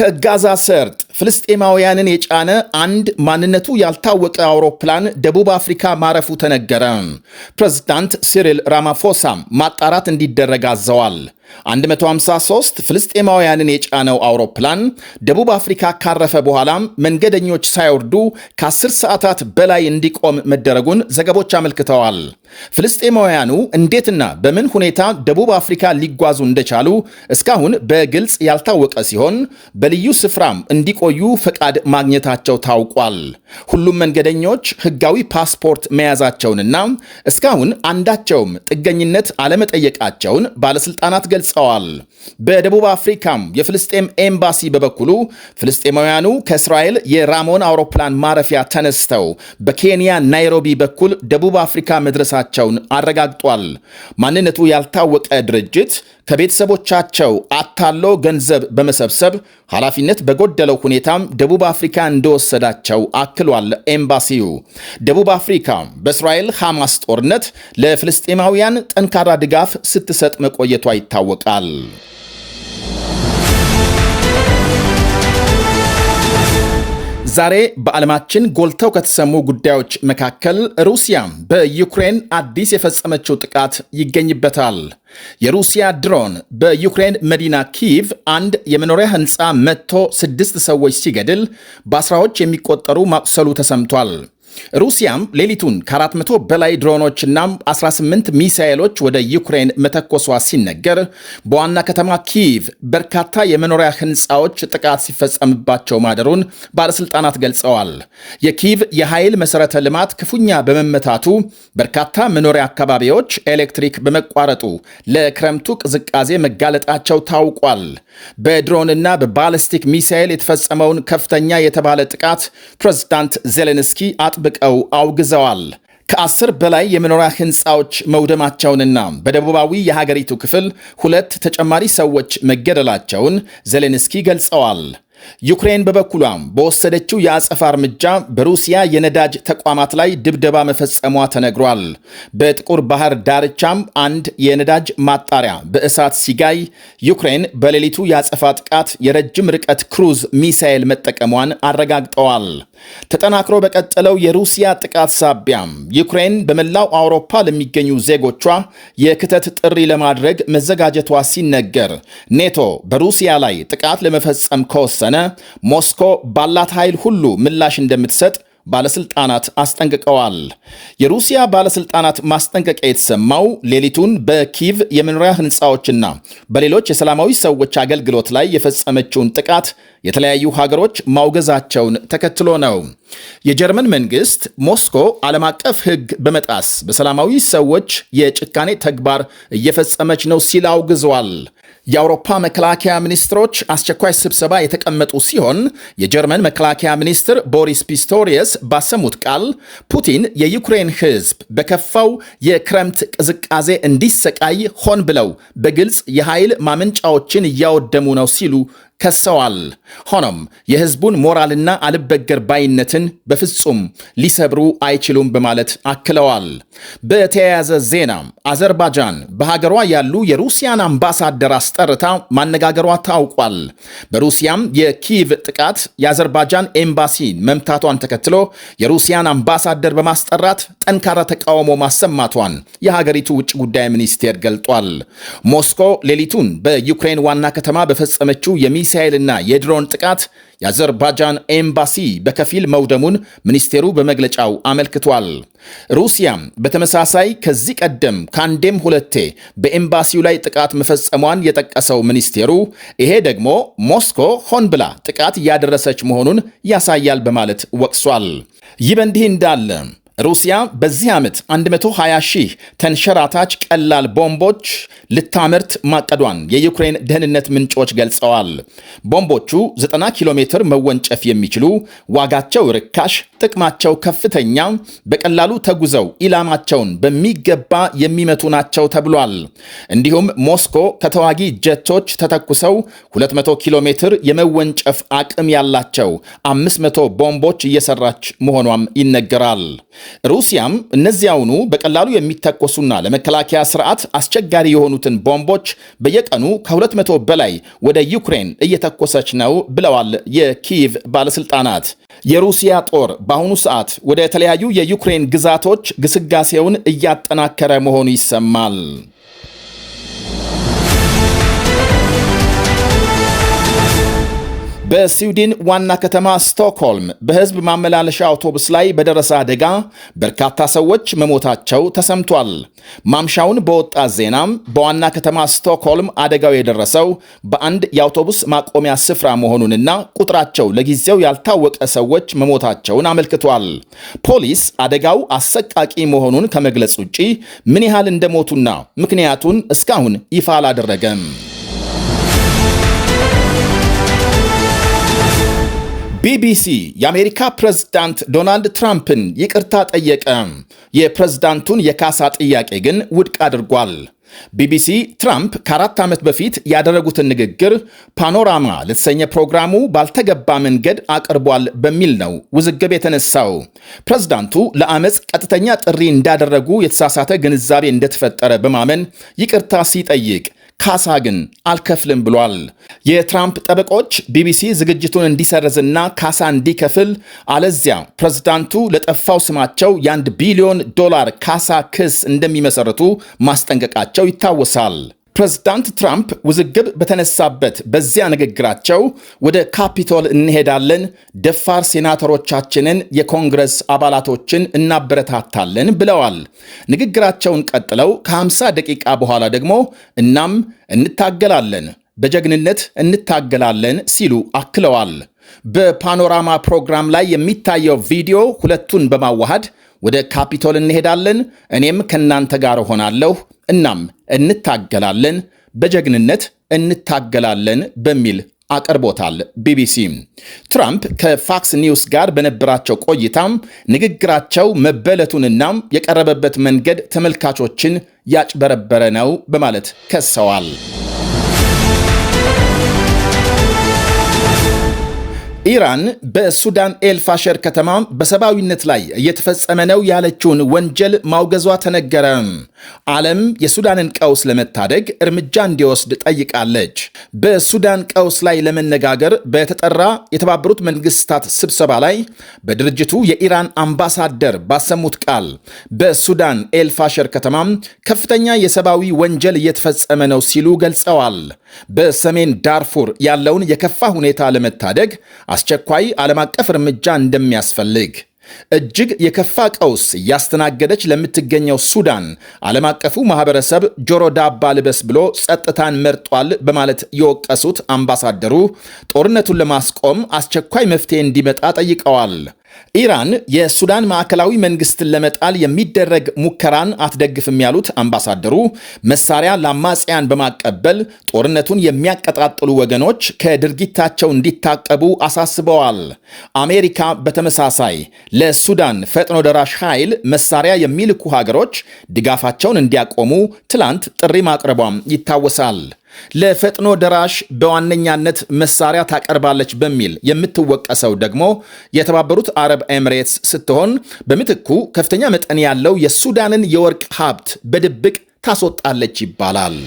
ከጋዛ ሰርጥ ፍልስጤማውያንን የጫነ አንድ ማንነቱ ያልታወቀ አውሮፕላን ደቡብ አፍሪካ ማረፉ ተነገረ። ፕሬዝዳንት ሲሪል ራማፎሳም ማጣራት እንዲደረግ አዘዋል። 153 ፍልስጤማውያንን የጫነው አውሮፕላን ደቡብ አፍሪካ ካረፈ በኋላም መንገደኞች ሳይወርዱ ከ10 ሰዓታት በላይ እንዲቆም መደረጉን ዘገቦች አመልክተዋል። ፍልስጤማውያኑ እንዴትና በምን ሁኔታ ደቡብ አፍሪካ ሊጓዙ እንደቻሉ እስካሁን በግልጽ ያልታወቀ ሲሆን በልዩ ስፍራም እንዲቆዩ ፈቃድ ማግኘታቸው ታውቋል። ሁሉም መንገደኞች ሕጋዊ ፓስፖርት መያዛቸውንና እስካሁን አንዳቸውም ጥገኝነት አለመጠየቃቸውን ባለስልጣናት ገልጸዋል። በደቡብ አፍሪካም የፍልስጤም ኤምባሲ በበኩሉ ፍልስጤማውያኑ ከእስራኤል የራሞን አውሮፕላን ማረፊያ ተነስተው በኬንያ ናይሮቢ በኩል ደቡብ አፍሪካ መድረሳ መሞታቸውን አረጋግጧል። ማንነቱ ያልታወቀ ድርጅት ከቤተሰቦቻቸው አታሎ ገንዘብ በመሰብሰብ ኃላፊነት በጎደለው ሁኔታም ደቡብ አፍሪካ እንደወሰዳቸው አክሏል። ኤምባሲው ደቡብ አፍሪካ በእስራኤል ሐማስ ጦርነት ለፍልስጤማውያን ጠንካራ ድጋፍ ስትሰጥ መቆየቷ ይታወቃል። ዛሬ በዓለማችን ጎልተው ከተሰሙ ጉዳዮች መካከል ሩሲያ በዩክሬን አዲስ የፈጸመችው ጥቃት ይገኝበታል። የሩሲያ ድሮን በዩክሬን መዲና ኪቭ አንድ የመኖሪያ ሕንፃ መጥቶ ስድስት ሰዎች ሲገድል በአስራዎች የሚቆጠሩ ማቁሰሉ ተሰምቷል። ሩሲያም ሌሊቱን ከ400 በላይ ድሮኖችና 18 ሚሳኤሎች ወደ ዩክሬን መተኮሷ ሲነገር በዋና ከተማ ኪይቭ በርካታ የመኖሪያ ሕንፃዎች ጥቃት ሲፈጸምባቸው ማደሩን ባለሥልጣናት ገልጸዋል። የኪቭ የኃይል መሠረተ ልማት ክፉኛ በመመታቱ በርካታ መኖሪያ አካባቢዎች ኤሌክትሪክ በመቋረጡ ለክረምቱ ቅዝቃዜ መጋለጣቸው ታውቋል። በድሮንና በባለስቲክ ሚሳኤል የተፈጸመውን ከፍተኛ የተባለ ጥቃት ፕሬዝዳንት ዜሌንስኪ አጥ አጥብቀው አውግዘዋል። ከአስር በላይ የመኖሪያ ህንፃዎች መውደማቸውንና በደቡባዊ የሀገሪቱ ክፍል ሁለት ተጨማሪ ሰዎች መገደላቸውን ዜሌንስኪ ገልጸዋል። ዩክሬን በበኩሏም በወሰደችው የአጸፋ እርምጃ በሩሲያ የነዳጅ ተቋማት ላይ ድብደባ መፈጸሟ ተነግሯል። በጥቁር ባህር ዳርቻም አንድ የነዳጅ ማጣሪያ በእሳት ሲጋይ ዩክሬን በሌሊቱ የአጸፋ ጥቃት የረጅም ርቀት ክሩዝ ሚሳኤል መጠቀሟን አረጋግጠዋል። ተጠናክሮ በቀጠለው የሩሲያ ጥቃት ሳቢያም ዩክሬን በመላው አውሮፓ ለሚገኙ ዜጎቿ የክተት ጥሪ ለማድረግ መዘጋጀቷ ሲነገር ኔቶ በሩሲያ ላይ ጥቃት ለመፈጸም ከወሰነ ከተወሰነ ሞስኮ ባላት ኃይል ሁሉ ምላሽ እንደምትሰጥ ባለስልጣናት አስጠንቅቀዋል። የሩሲያ ባለስልጣናት ማስጠንቀቂያ የተሰማው ሌሊቱን በኪቭ የመኖሪያ ህንፃዎችና በሌሎች የሰላማዊ ሰዎች አገልግሎት ላይ የፈጸመችውን ጥቃት የተለያዩ ሀገሮች ማውገዛቸውን ተከትሎ ነው። የጀርመን መንግስት ሞስኮ ዓለም አቀፍ ሕግ በመጣስ በሰላማዊ ሰዎች የጭካኔ ተግባር እየፈጸመች ነው ሲል አውግዟል። የአውሮፓ መከላከያ ሚኒስትሮች አስቸኳይ ስብሰባ የተቀመጡ ሲሆን የጀርመን መከላከያ ሚኒስትር ቦሪስ ፒስቶሪየስ ባሰሙት ቃል ፑቲን የዩክሬን ሕዝብ በከፋው የክረምት ቅዝቃዜ እንዲሰቃይ ሆን ብለው በግልጽ የኃይል ማመንጫዎችን እያወደሙ ነው ሲሉ ከሰዋል። ሆኖም የህዝቡን ሞራልና አልበገር ባይነትን በፍጹም ሊሰብሩ አይችሉም በማለት አክለዋል። በተያያዘ ዜና አዘርባጃን በሀገሯ ያሉ የሩሲያን አምባሳደር አስጠርታ ማነጋገሯ ታውቋል። በሩሲያም የኪቭ ጥቃት የአዘርባጃን ኤምባሲ መምታቷን ተከትሎ የሩሲያን አምባሳደር በማስጠራት ጠንካራ ተቃውሞ ማሰማቷን የሀገሪቱ ውጭ ጉዳይ ሚኒስቴር ገልጧል። ሞስኮ ሌሊቱን በዩክሬን ዋና ከተማ በፈጸመችው የሚ ሚሳኤልና የድሮን ጥቃት የአዘርባጃን ኤምባሲ በከፊል መውደሙን ሚኒስቴሩ በመግለጫው አመልክቷል። ሩሲያም በተመሳሳይ ከዚህ ቀደም ከአንዴም ሁለቴ በኤምባሲው ላይ ጥቃት መፈጸሟን የጠቀሰው ሚኒስቴሩ ይሄ ደግሞ ሞስኮ ሆን ብላ ጥቃት እያደረሰች መሆኑን ያሳያል በማለት ወቅሷል። ይህ በእንዲህ እንዳለ ሩሲያ በዚህ ዓመት 120 ሺህ ተንሸራታች ቀላል ቦምቦች ልታመርት ማቀዷን የዩክሬን ደህንነት ምንጮች ገልጸዋል። ቦምቦቹ 90 ኪሎ ሜትር መወንጨፍ የሚችሉ ዋጋቸው ርካሽ፣ ጥቅማቸው ከፍተኛ፣ በቀላሉ ተጉዘው ኢላማቸውን በሚገባ የሚመቱ ናቸው ተብሏል። እንዲሁም ሞስኮ ከተዋጊ ጀቶች ተተኩሰው 200 ኪሎ ሜትር የመወንጨፍ አቅም ያላቸው 500 ቦምቦች እየሰራች መሆኗም ይነገራል። ሩሲያም እነዚያውኑ በቀላሉ የሚተኮሱና ለመከላከያ ስርዓት አስቸጋሪ የሆኑትን ቦምቦች በየቀኑ ከ200 በላይ ወደ ዩክሬን እየተኮሰች ነው ብለዋል የኪየቭ ባለስልጣናት። የሩሲያ ጦር በአሁኑ ሰዓት ወደ የተለያዩ የዩክሬን ግዛቶች ግስጋሴውን እያጠናከረ መሆኑ ይሰማል። በስዊድን ዋና ከተማ ስቶክሆልም በህዝብ ማመላለሻ አውቶቡስ ላይ በደረሰ አደጋ በርካታ ሰዎች መሞታቸው ተሰምቷል። ማምሻውን በወጣ ዜናም በዋና ከተማ ስቶክሆልም አደጋው የደረሰው በአንድ የአውቶቡስ ማቆሚያ ስፍራ መሆኑንና ቁጥራቸው ለጊዜው ያልታወቀ ሰዎች መሞታቸውን አመልክቷል። ፖሊስ አደጋው አሰቃቂ መሆኑን ከመግለጽ ውጪ ምን ያህል እንደሞቱና ምክንያቱን እስካሁን ይፋ አላደረገም። ቢቢሲ የአሜሪካ ፕሬዝዳንት ዶናልድ ትራምፕን ይቅርታ ጠየቀ። የፕሬዝዳንቱን የካሳ ጥያቄ ግን ውድቅ አድርጓል። ቢቢሲ ትራምፕ ከአራት ዓመት በፊት ያደረጉትን ንግግር ፓኖራማ ለተሰኘ ፕሮግራሙ ባልተገባ መንገድ አቅርቧል በሚል ነው ውዝግብ የተነሳው። ፕሬዝዳንቱ ለአመፅ ቀጥተኛ ጥሪ እንዳደረጉ የተሳሳተ ግንዛቤ እንደተፈጠረ በማመን ይቅርታ ሲጠይቅ ካሳ ግን አልከፍልም ብሏል። የትራምፕ ጠበቆች ቢቢሲ ዝግጅቱን እንዲሰርዝና ካሳ እንዲከፍል አለዚያ ፕሬዝዳንቱ ለጠፋው ስማቸው የአንድ ቢሊዮን ዶላር ካሳ ክስ እንደሚመሰርቱ ማስጠንቀቃቸው ይታወሳል። ፕሬዝዳንት ትራምፕ ውዝግብ በተነሳበት በዚያ ንግግራቸው ወደ ካፒቶል እንሄዳለን፣ ደፋር ሴናተሮቻችንን፣ የኮንግረስ አባላቶችን እናበረታታለን ብለዋል። ንግግራቸውን ቀጥለው ከ50 ደቂቃ በኋላ ደግሞ እናም እንታገላለን፣ በጀግንነት እንታገላለን ሲሉ አክለዋል። በፓኖራማ ፕሮግራም ላይ የሚታየው ቪዲዮ ሁለቱን በማዋሃድ ወደ ካፒቶል እንሄዳለን። እኔም ከእናንተ ጋር እሆናለሁ፣ እናም እንታገላለን፣ በጀግንነት እንታገላለን በሚል አቅርቦታል ቢቢሲ። ትራምፕ ከፋክስ ኒውስ ጋር በነበራቸው ቆይታም ንግግራቸው መበለቱንና የቀረበበት መንገድ ተመልካቾችን ያጭበረበረ ነው በማለት ከሰዋል። ኢራን በሱዳን ኤልፋሸር ከተማ በሰብአዊነት ላይ እየተፈጸመ ነው ያለችውን ወንጀል ማውገዟ ተነገረ። ዓለም የሱዳንን ቀውስ ለመታደግ እርምጃ እንዲወስድ ጠይቃለች። በሱዳን ቀውስ ላይ ለመነጋገር በተጠራ የተባበሩት መንግስታት ስብሰባ ላይ በድርጅቱ የኢራን አምባሳደር ባሰሙት ቃል በሱዳን ኤልፋሸር ከተማ ከፍተኛ የሰብአዊ ወንጀል እየተፈጸመ ነው ሲሉ ገልጸዋል። በሰሜን ዳርፉር ያለውን የከፋ ሁኔታ ለመታደግ አስቸኳይ ዓለም አቀፍ እርምጃ እንደሚያስፈልግ እጅግ የከፋ ቀውስ እያስተናገደች ለምትገኘው ሱዳን ዓለም አቀፉ ማህበረሰብ ጆሮ ዳባ ልበስ ብሎ ጸጥታን መርጧል በማለት የወቀሱት አምባሳደሩ ጦርነቱን ለማስቆም አስቸኳይ መፍትሄ እንዲመጣ ጠይቀዋል። ኢራን የሱዳን ማዕከላዊ መንግስትን ለመጣል የሚደረግ ሙከራን አትደግፍም ያሉት አምባሳደሩ መሳሪያ ለአማጽያን በማቀበል ጦርነቱን የሚያቀጣጥሉ ወገኖች ከድርጊታቸው እንዲታቀቡ አሳስበዋል። አሜሪካ በተመሳሳይ ለሱዳን ፈጥኖ ደራሽ ኃይል መሳሪያ የሚልኩ ሀገሮች ድጋፋቸውን እንዲያቆሙ ትላንት ጥሪ ማቅረቧም ይታወሳል። ለፈጥኖ ደራሽ በዋነኛነት መሳሪያ ታቀርባለች በሚል የምትወቀሰው ደግሞ የተባበሩት አረብ ኤምሬትስ ስትሆን በምትኩ ከፍተኛ መጠን ያለው የሱዳንን የወርቅ ሀብት በድብቅ ታስወጣለች ይባላል።